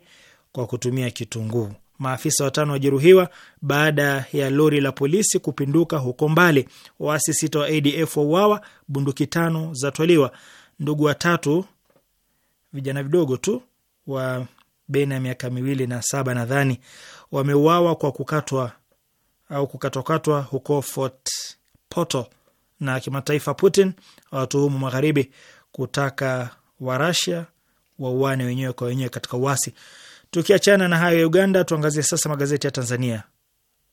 kwa kutumia kitunguu. Maafisa watano wajeruhiwa baada ya lori la polisi kupinduka huko Mbale. Waasi sita wa ADF wauawa, bunduki tano zatwaliwa. Ndugu watatu vijana vidogo tu wa baina ya miaka miwili na saba nadhani wameuawa kwa kukatwa au kukatwakatwa huko Fort Poto. Na kimataifa, Putin awatuhumu magharibi kutaka Warasia wauane wenyewe kwa wenyewe katika uasi. Tukiachana na hayo ya Uganda, tuangazie sasa magazeti ya Tanzania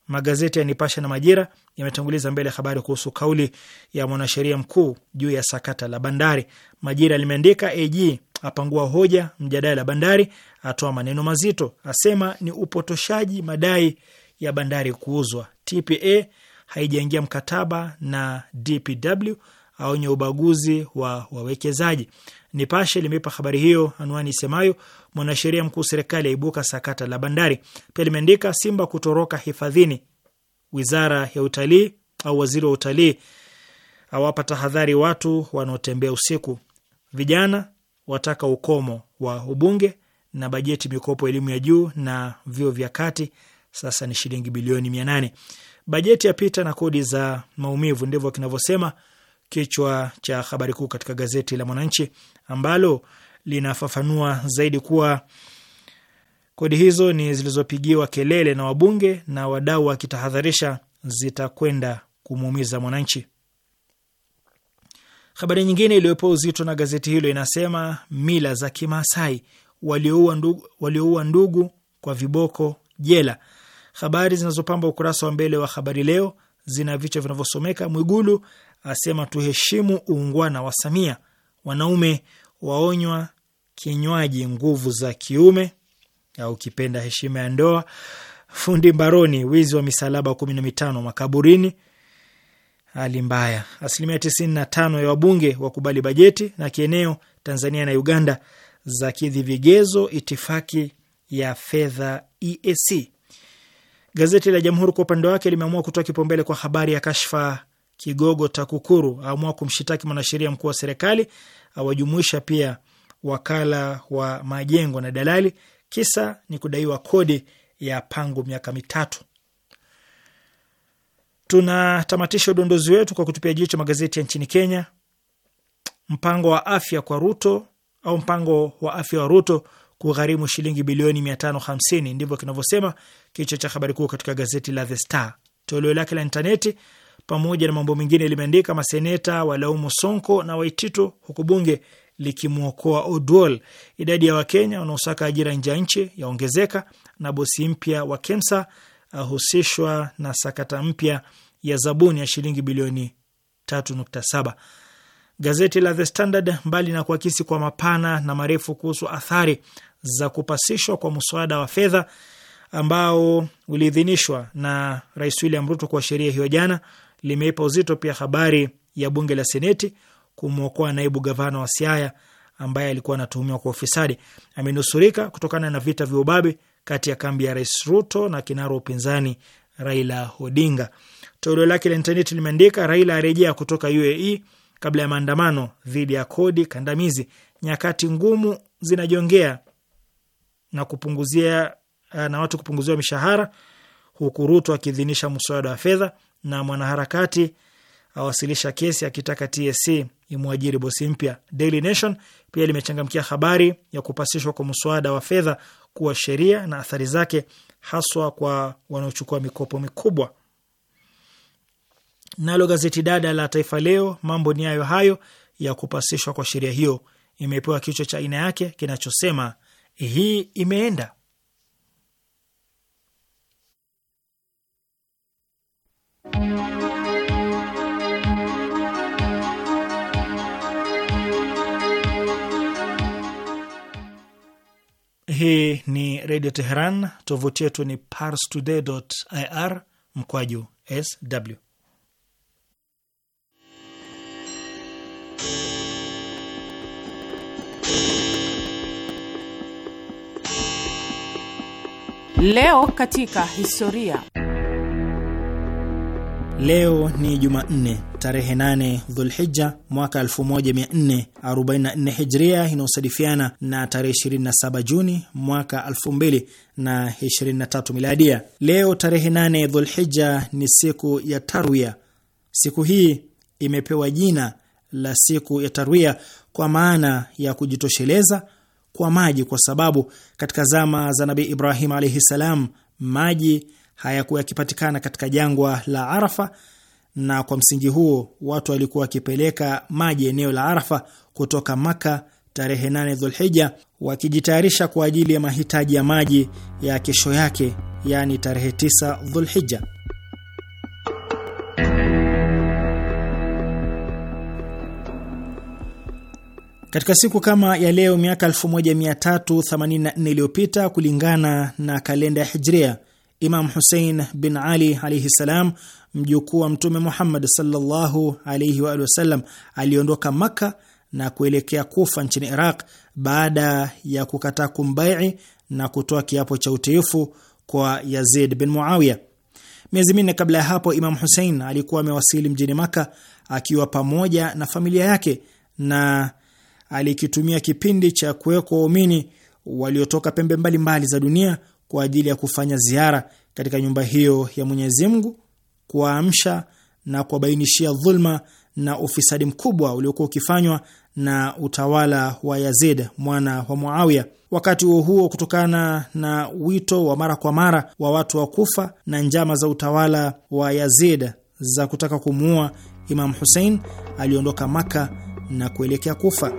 magazeti ya Nipashe na Majira yametanguliza mbele habari kuhusu kauli ya mwanasheria mkuu juu ya sakata la Bandari. Majira limeandika AG apangua hoja mjadala Bandari, atoa maneno mazito, asema ni upotoshaji madai ya bandari kuuzwa. TPA haijaingia mkataba na DPW, aonye ubaguzi wa wawekezaji. Nipashe limeipa habari hiyo anwani isemayo mwanasheria mkuu serikali aibuka sakata la bandari. Pia limeandika Simba kutoroka hifadhini, wizara ya utalii au waziri wa utalii awapa tahadhari watu wanaotembea usiku, vijana wataka ukomo wa ubunge, na bajeti mikopo elimu ya juu na vyuo vya kati sasa ni shilingi bilioni mia nane. Bajeti ya pita na kodi za maumivu, ndivyo kinavyosema kichwa cha habari kuu katika gazeti la Mwananchi ambalo linafafanua zaidi kuwa kodi hizo ni zilizopigiwa kelele na wabunge na wadau wakitahadharisha zitakwenda kumuumiza mwananchi. Habari nyingine iliyopewa uzito na gazeti hilo inasema mila za Kimaasai, walioua ndugu, walioua ndugu kwa viboko jela. Habari zinazopamba ukurasa wa mbele wa Habari Leo zina vichwa vinavyosomeka Mwigulu asema tuheshimu uungwana wa Samia. Wanaume waonywa kinywaji nguvu za kiume au kipenda heshima ya ndoa. Fundi mbaroni, wizi wa misalaba kumi na mitano makaburini. Hali mbaya. Asilimia tisini na tano ya wabunge wakubali bajeti. Na kieneo, Tanzania na Uganda za kidhi vigezo itifaki ya fedha EAC. Gazeti la Jamhuri kwa upande wake limeamua kutoa kipaumbele kwa habari ya kashfa kigogo TAKUKURU aamua kumshitaki mwanasheria mkuu wa serikali, awajumuisha pia wakala wa majengo na dalali, kisa ni kudaiwa kodi ya pango miaka mitatu. Tunatamatisha udondozi wetu kwa kutupia jicho magazeti ya nchini Kenya. Mpango wa afya kwa Ruto au mpango wa afya wa Ruto kugharimu shilingi bilioni 550, ndivyo kinavyosema kichwa cha habari kuu katika gazeti la The Star toleo lake la intaneti pamoja na mambo mengine limeandika maseneta walaumu Sonko na Waititu huku bunge likimwokoa Odwol. Idadi ya Wakenya wanaosaka ajira nje ya nchi yaongezeka, na bosi mpya wa KEMSA ahusishwa na sakata mpya ya zabuni ya shilingi bilioni 3.7. Gazeti la The Standard, mbali na kuakisi kwa mapana na marefu kuhusu athari za kupasishwa kwa mswada wa fedha ambao uliidhinishwa na Rais William Ruto kwa sheria hiyo jana, limeipa uzito pia habari ya bunge la Seneti kumwokoa naibu gavana wa Siaya ambaye alikuwa anatuhumiwa kwa ufisadi. Amenusurika kutokana na vita vya ubabe kati ya kambi ya Rais Ruto na kinara wa upinzani Raila Odinga. Toleo lake la intaneti limeandika Raila arejea kutoka UAE kabla ya maandamano dhidi ya kodi kandamizi. Nyakati ngumu zinajongea na kupunguzia eh, na watu kupunguziwa mishahara, huku Ruto akiidhinisha mswada wa fedha na mwanaharakati awasilisha kesi akitaka TSC imwajiri bosi mpya. Daily Nation pia limechangamkia habari ya kupasishwa kwa mswada wa fedha kuwa sheria na athari zake haswa kwa wanaochukua mikopo mikubwa. Nalo gazeti dada la Taifa Leo mambo ni hayo hayo ya kupasishwa kwa sheria hiyo, imepewa kichwa cha aina yake kinachosema hii imeenda Hii ni redio Teheran. Tovuti yetu ni parstoday.ir mkwaju sw. Leo katika historia Leo ni Jumanne tarehe 8 Dhulhija mwaka 1444 Hijria, inayosadifiana na tarehe 27 Juni mwaka 2023 Miladia. Leo tarehe 8 Dhulhija ni siku ya Tarwia. Siku hii imepewa jina la siku ya Tarwia kwa maana ya kujitosheleza kwa maji, kwa sababu katika zama za Nabii Ibrahim alaihi salam maji hayakuwa yakipatikana katika jangwa la Arafa, na kwa msingi huo watu walikuwa wakipeleka maji eneo la Arafa kutoka Maka tarehe 8 Dhulhija, wakijitayarisha kwa ajili ya mahitaji ya maji ya kesho yake, yaani tarehe 9 Dhulhija. Katika siku kama ya leo miaka 1384 iliyopita kulingana na kalenda ya Hijria, Imam Husein bin Ali alaihi salam, mjukuu wa Mtume Muhammad sallallahu alaihi wa alihi wasallam, aliondoka Makka na kuelekea Kufa nchini Iraq baada ya kukataa kumbai na kutoa kiapo cha utiifu kwa Yazid bin Muawiya. Miezi minne kabla ya hapo, Imam Husein alikuwa amewasili mjini Maka akiwa pamoja na familia yake na alikitumia kipindi cha kuwekwa waumini waliotoka pembe mbalimbali mbali za dunia kwa ajili ya kufanya ziara katika nyumba hiyo ya Mwenyezi Mungu, kuwaamsha na kuwabainishia dhulma na ufisadi mkubwa uliokuwa ukifanywa na utawala wa Yazid mwana wa Muawiya. Wakati huo huo, kutokana na wito wa mara kwa mara wa watu wa Kufa na njama za utawala wa Yazid za kutaka kumuua Imam Hussein, aliondoka Maka na kuelekea Kufa.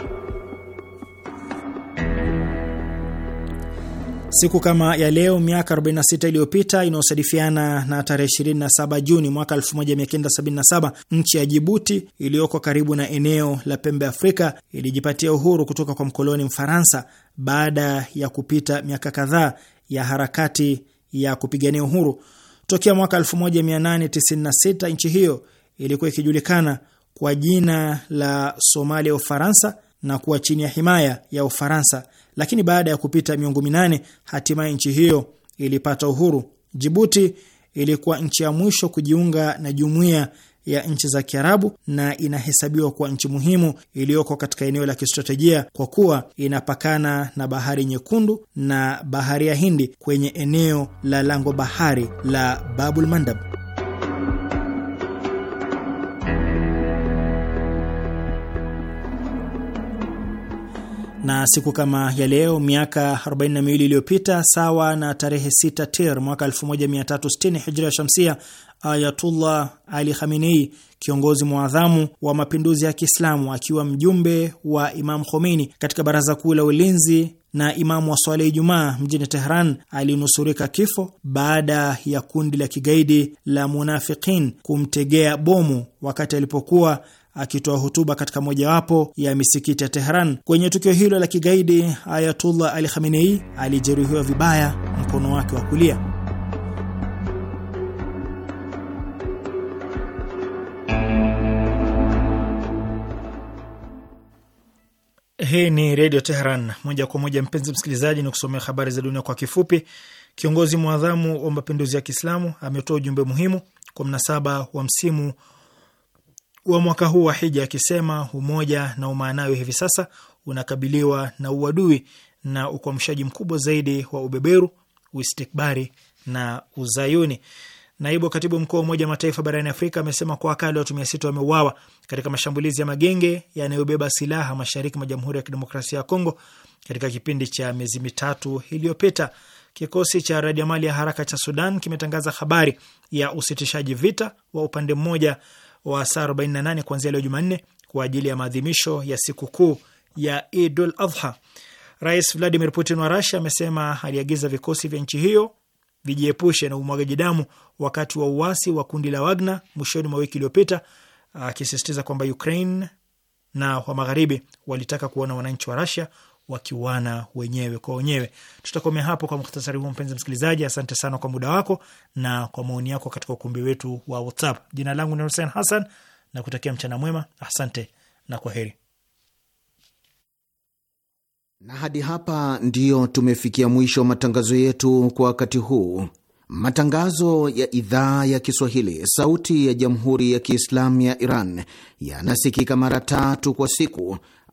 Siku kama ya leo miaka 46 iliyopita inayosadifiana na tarehe 27 Juni mwaka 1977 nchi ya Jibuti iliyoko karibu na eneo la pembe Afrika ilijipatia uhuru kutoka kwa mkoloni Mfaransa baada ya kupita miaka kadhaa ya harakati ya kupigania uhuru. Tokea mwaka 1896 nchi hiyo ilikuwa ikijulikana kwa jina la Somalia ya Ufaransa na kuwa chini ya himaya ya Ufaransa lakini baada ya kupita miongo minane hatimaye nchi hiyo ilipata uhuru. Jibuti ilikuwa nchi ya mwisho kujiunga na jumuiya ya nchi za Kiarabu na inahesabiwa kuwa nchi muhimu iliyoko katika eneo la kistratejia kwa kuwa inapakana na Bahari Nyekundu na Bahari ya Hindi kwenye eneo la lango bahari la Babul Mandab. na siku kama ya leo miaka 42 iliyopita, sawa na tarehe 6 Tir mwaka 1360 hijria shamsia, Ayatullah Ali Khamenei, kiongozi mwadhamu wa mapinduzi ya Kiislamu, akiwa mjumbe wa Imam Khomeini katika Baraza Kuu la Ulinzi na imamu wa swala ya Ijumaa mjini Tehran alinusurika kifo baada ya kundi la kigaidi la munafikin kumtegea bomu wakati alipokuwa akitoa hotuba katika mojawapo ya misikiti ya Tehran. Kwenye tukio hilo la kigaidi, Ayatullah Ali Khamenei alijeruhiwa vibaya mkono wake wa kulia. Hii ni Redio Teheran moja kwa moja. Mpenzi msikilizaji, ni kusomea habari za dunia kwa kifupi. Kiongozi mwadhamu wa mapinduzi ya Kiislamu ametoa ujumbe muhimu kwa mnasaba wa msimu wa mwaka huu wa hija akisema umoja na umaanawe hivi sasa unakabiliwa na uadui na ukwamshaji mkubwa zaidi wa ubeberu, uistikbari na uzayuni. Naibu katibu mkuu wa Umoja wa Mataifa barani Afrika amesema kwa akali watu mia sita wameuawa katika mashambulizi ya magenge yanayobeba silaha mashariki mwa Jamhuri ya Kidemokrasia ya Kongo katika kipindi cha miezi mitatu iliyopita. Kikosi cha radiamali ya haraka cha Sudan kimetangaza habari ya usitishaji vita wa upande mmoja wa saa 48 kuanzia leo Jumanne kwa ajili ya maadhimisho ya sikukuu ya Idul Adha. Rais Vladimir Putin wa Russia amesema aliagiza vikosi vya nchi hiyo vijiepushe na umwagaji damu wakati wa uasi wa kundi la Wagner mwishoni mwa wiki iliyopita, akisisitiza kwamba Ukraine na wa magharibi walitaka kuona wananchi wa Russia wakiwana wenyewe kwa wenyewe. Tutakomea hapo kwa muhtasari huo. Mpenzi msikilizaji, asante sana kwa muda wako na kwa maoni yako katika ukumbi wetu wa WhatsApp. Jina langu ni Hussein Hassan na kutakia mchana mwema. Asante na kwa heri. Na hadi hapa ndiyo tumefikia mwisho wa matangazo yetu kwa wakati huu. Matangazo ya idhaa ya Kiswahili, sauti ya jamhuri ya kiislamu ya Iran yanasikika mara tatu kwa siku